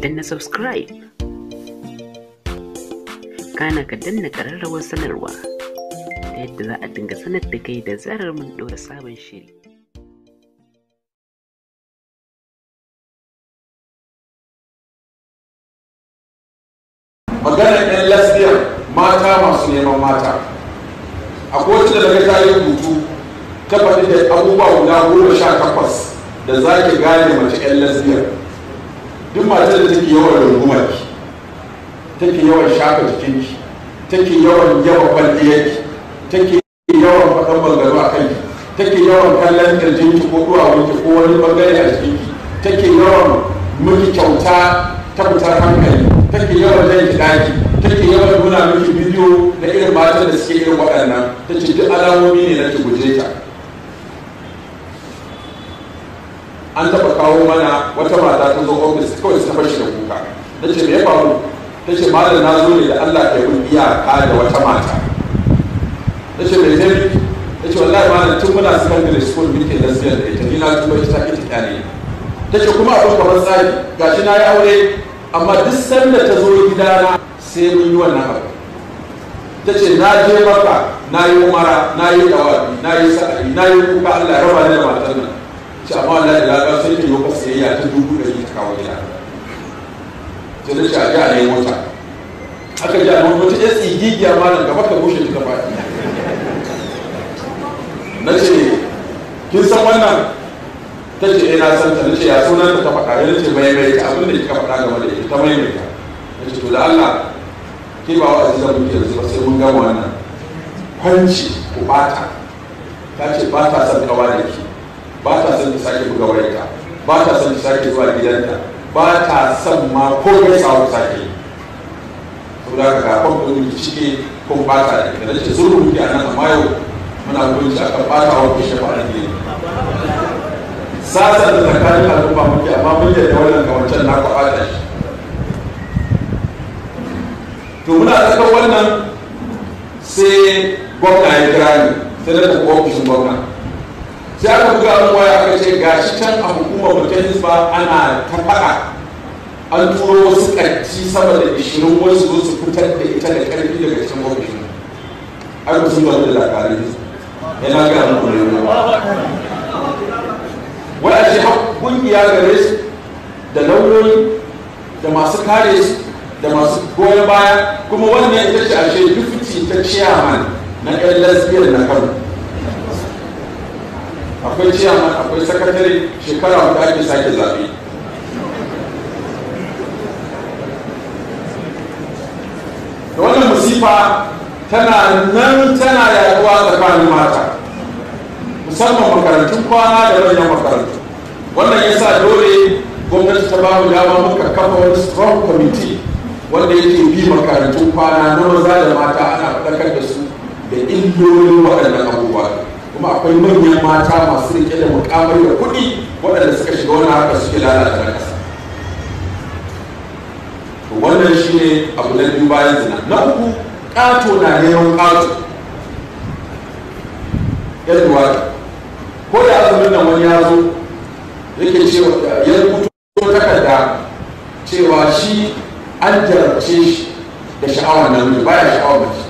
danna subscribe kana ka danna ƙararrawar sanarwa ta yadda za a dinga sanar da kai da zarar mun ɗora sabon shiri maganar 'yan lesbian mata masu neman mata a kowace da daga ta hutu, rubutu ta faɗi da abubuwa guda goma sha takwas da zaki gane mace 'yan lesbian duk matar da take yawan rungumar ki take yawan shafa jikin ki take yawan yawa kwalliyar ki take yawan fadan bangaro a kanki take yawan kallon kirjin ki ko duwawun ki ko wani bangare a jikin ki take yawan miki kyauta ta fitar hankali take yawan jan ki daki take yawan nuna miki bidiyo na irin matar da suke irin waɗannan ta ce duk alamomi ne na ki guje ta an taɓa kawo mana wata mata ta zo ofis kawai ta fashi da kuka na ce me ya faru ta ce malam na zo ne da allah ka yi iyaka da wata mata na ce mai zai ta ce wallahi malam tun muna su school muke lesbian da ita ni na tuba ita ta ita kyale ta ce kuma abin kamar tsari gashi na yi aure amma duk sanda ta zo gida na sai mun yi wannan abu ta ce na je maka na yi umara na yi dawabi na yi sa'adi na yi kuka allah ya raba ni da matan nan ce amma wallahi da sai ta yi wata sayayya ta dubu da yi kawo gida sai ta ce a ji a yi mota aka ji ne nan mota ya gigiya ma daga baka ka bushe ta ba na ce kin san wannan ta ce ina eh, san ta ce ya suna ta ta faɗa ya ce mai mai ta abin da kika faɗa game da ita mai mai ta ce to da Allah ke ba wa azizan muke yanzu ba sai mun gama wannan kwanci ku bata ta ce ba ta san kawai da ke ba ta son ta sake buga wayarta ba ta son ta sake zuwa gidanta ba ta son ma ko ya samu sake saboda haka kafin kun yi cike kuma ba ta da ita nace sun rubuta a nan amma yau muna hukunci a kan ba ta ke shafa a gidi Sasa da a al'umma muke amma mun yadda wannan ga wancan na kwaɓa fata shi to muna tsakar wannan sai gwamna ya kira ni sai na tafi ofishin gwamna sai aka buga mu waya aka ce shi can a hukumar mutum ba ana ta faɗa an turo wasu ƙarfi sama da ishirin wasu zo su fitar da ita da ƙarfi daga cikin ofishin an ku sun bari da labarin yana ga mu ne wala shi kungiya gare su da lauyoyi da masu kare su da masu goyon baya kuma wannan ita ce ashe duk ta ciyaman na ƴan lesbian na kano akwai ciyaman akwai sakatare shekara wanda ake sake zaɓe da wannan musifa tana nan tana yaduwa tsakanin mata musamman makarantun kwana da manyan makarantu wannan yasa dole gwamnati ta bamu dama muka kafa wani strong committee wanda yake bi makarantun kwana na maza da mata ana faɗakar da su da illolin waɗannan abubuwa kuma akwai manyan mata masu rike da mukamai da kuɗi waɗanda suka shiga wani haka suke lalata ƙasa wannan shi ne abu na biyu bayan zina na uku ƙato na neman ƙato yadda wata ko da azumin nan wani ya yake cewa da ya rubuto takarda cewa shi an jarabce shi da sha'awar namiji baya sha'awar mace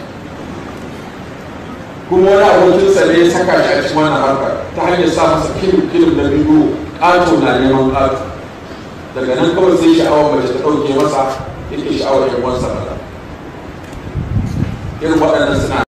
kuma wani sa ne ya saka shi a cikin wannan harka ta hanyar sa masa kilim kilim na biyu ƙato na neman ƙato daga nan kawai sai sha'awar mace ta ɗauke masa yake sha'awar yan uwansa ba irin waɗannan suna